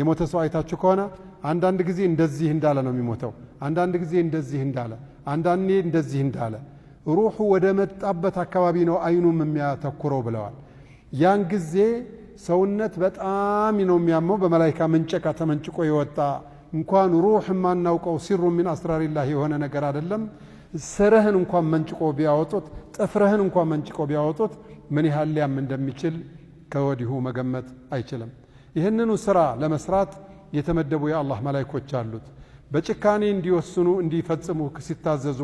የሞተ ሰው አይታችሁ ከሆነ አንዳንድ ጊዜ እንደዚህ እንዳለ ነው የሚሞተው። አንዳንድ ጊዜ እንደዚህ እንዳለ፣ አንዳንዴ እንደዚህ እንዳለ፣ ሩሑ ወደ መጣበት አካባቢ ነው አይኑም የሚያተኩረው ብለዋል። ያን ጊዜ ሰውነት በጣም ነው የሚያመው። በመላይካ መንጨቃ ተመንጭቆ የወጣ እንኳን ሩሕ የማናውቀው ሲሩ ሚን አስራሪላህ የሆነ ነገር አይደለም። ስርህን እንኳን መንጭቆ ቢያወጡት፣ ጥፍርህን እንኳን መንጭቆ ቢያወጡት ምን ያህል ሊያም እንደሚችል ከወዲሁ መገመት አይችልም። ይህንኑ ስራ ለመስራት የተመደቡ የአላህ መላይኮች አሉት። በጭካኔ እንዲወስኑ እንዲፈጽሙ ሲታዘዙ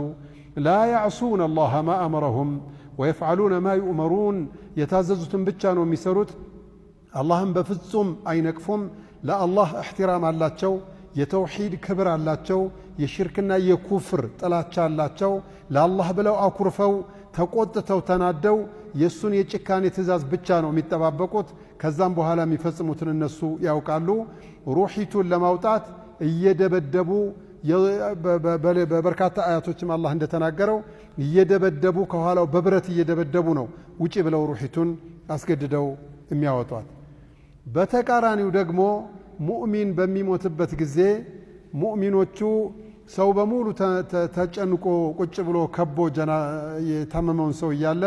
ላ ያዕሱን አላህ ማ አመረሁም ወየፍዓሉነ ማ ዩእመሩን የታዘዙትን ብቻ ነው የሚሰሩት። አላህም በፍጹም አይነቅፉም። ለአላህ እሕትራም አላቸው። የተውሒድ ክብር አላቸው። የሽርክና የኩፍር ጥላቻ አላቸው። ለአላህ ብለው አኩርፈው ተቆጥተው ተናደው የእሱን የጭካኔ ትእዛዝ ብቻ ነው የሚጠባበቁት። ከዛም በኋላ የሚፈጽሙትን እነሱ ያውቃሉ። ሩሒቱን ለማውጣት እየደበደቡ በበርካታ አያቶችም አላህ እንደተናገረው እየደበደቡ ከኋላው በብረት እየደበደቡ ነው ውጪ ብለው ሩሒቱን አስገድደው የሚያወጧት። በተቃራኒው ደግሞ ሙእሚን በሚሞትበት ጊዜ ሙእሚኖቹ ሰው በሙሉ ተጨንቆ ቁጭ ብሎ ከቦ ጀና የታመመውን ሰው እያለ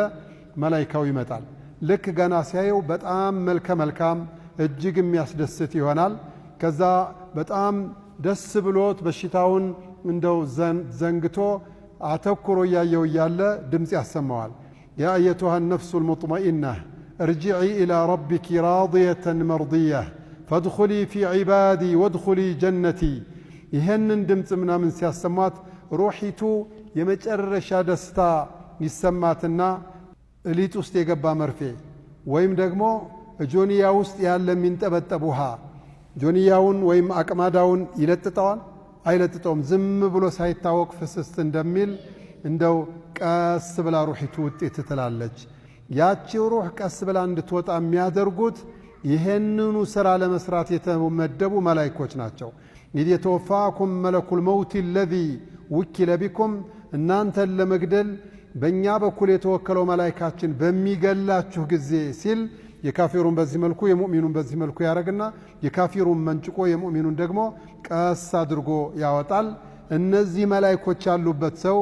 መላይካው ይመጣል። ልክ ገና ሲያየው በጣም መልከ መልካም እጅግ የሚያስደስት ይሆናል። ከዛ በጣም ደስ ብሎት በሽታውን እንደው ዘንግቶ አተኩሮ እያየው እያለ ድምፅ ያሰማዋል። ያ አየቱሃ ነፍሱ ልሙጥመኢናህ እርጅዒ ኢላ ረቢኪ ራድየተን መርድያህ ፈድኹሊ ፊ ዒባዲ ወድኹሊ ጀነቲ ይህንን ድምፅ ምናምን ሲያሰሟት ሮሒቱ የመጨረሻ ደስታ ይሰማትና እሊጥ ውስጥ የገባ መርፌ ወይም ደግሞ ጆንያ ውስጥ ያለ የሚንጠበጠብ ውሃ ጆንያውን ወይም አቅማዳውን ይለጥጠዋል? አይለጥጠውም። ዝም ብሎ ሳይታወቅ ፍስስት እንደሚል እንደው ቀስ ብላ ሩሒቱ ውጤት ትላለች። ያቺ ሩሕ ቀስ ብላ እንድትወጣ የሚያደርጉት ይህንኑ ሥራ ለመስራት የተመደቡ መላይኮች ናቸው። ኢድ የተወፋኩም መለኩል መውት ለዚ ውኪለ ቢኩም እናንተን ለመግደል በእኛ በኩል የተወከለው መላይካችን በሚገላችሁ ጊዜ ሲል የካፊሩን በዚህ መልኩ የሙእሚኑን በዚህ መልኩ ያደረግና የካፊሩን መንጭቆ የሙእሚኑን ደግሞ ቀስ አድርጎ ያወጣል። እነዚህ መላይኮች ያሉበት ሰው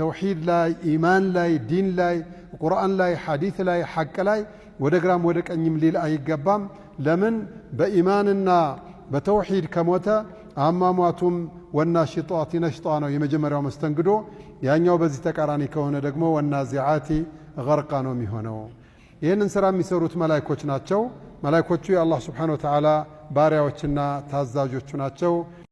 ተውሒድ ላይ፣ ኢማን ላይ፣ ዲን ላይ፣ ቁርአን ላይ፣ ሐዲት ላይ፣ ሐቅ ላይ ወደ ግራም ወደ ቀኝም ሊል አይገባም። ለምን በኢማንና በተውሒድ ከሞተ አሟሟቱም ወና ሽጧቲ ነሽጧ ነው የመጀመሪያው መስተንግዶ። ያኛው በዚህ ተቃራኒ ከሆነ ደግሞ ወና ዚዓቲ ገርቃ ነው የሚሆነው። ይህንን ስራ የሚሰሩት መላይኮች ናቸው። መላይኮቹ የአላህ ስብሓነ ወተዓላ ባሪያዎችና ታዛዦቹ ናቸው።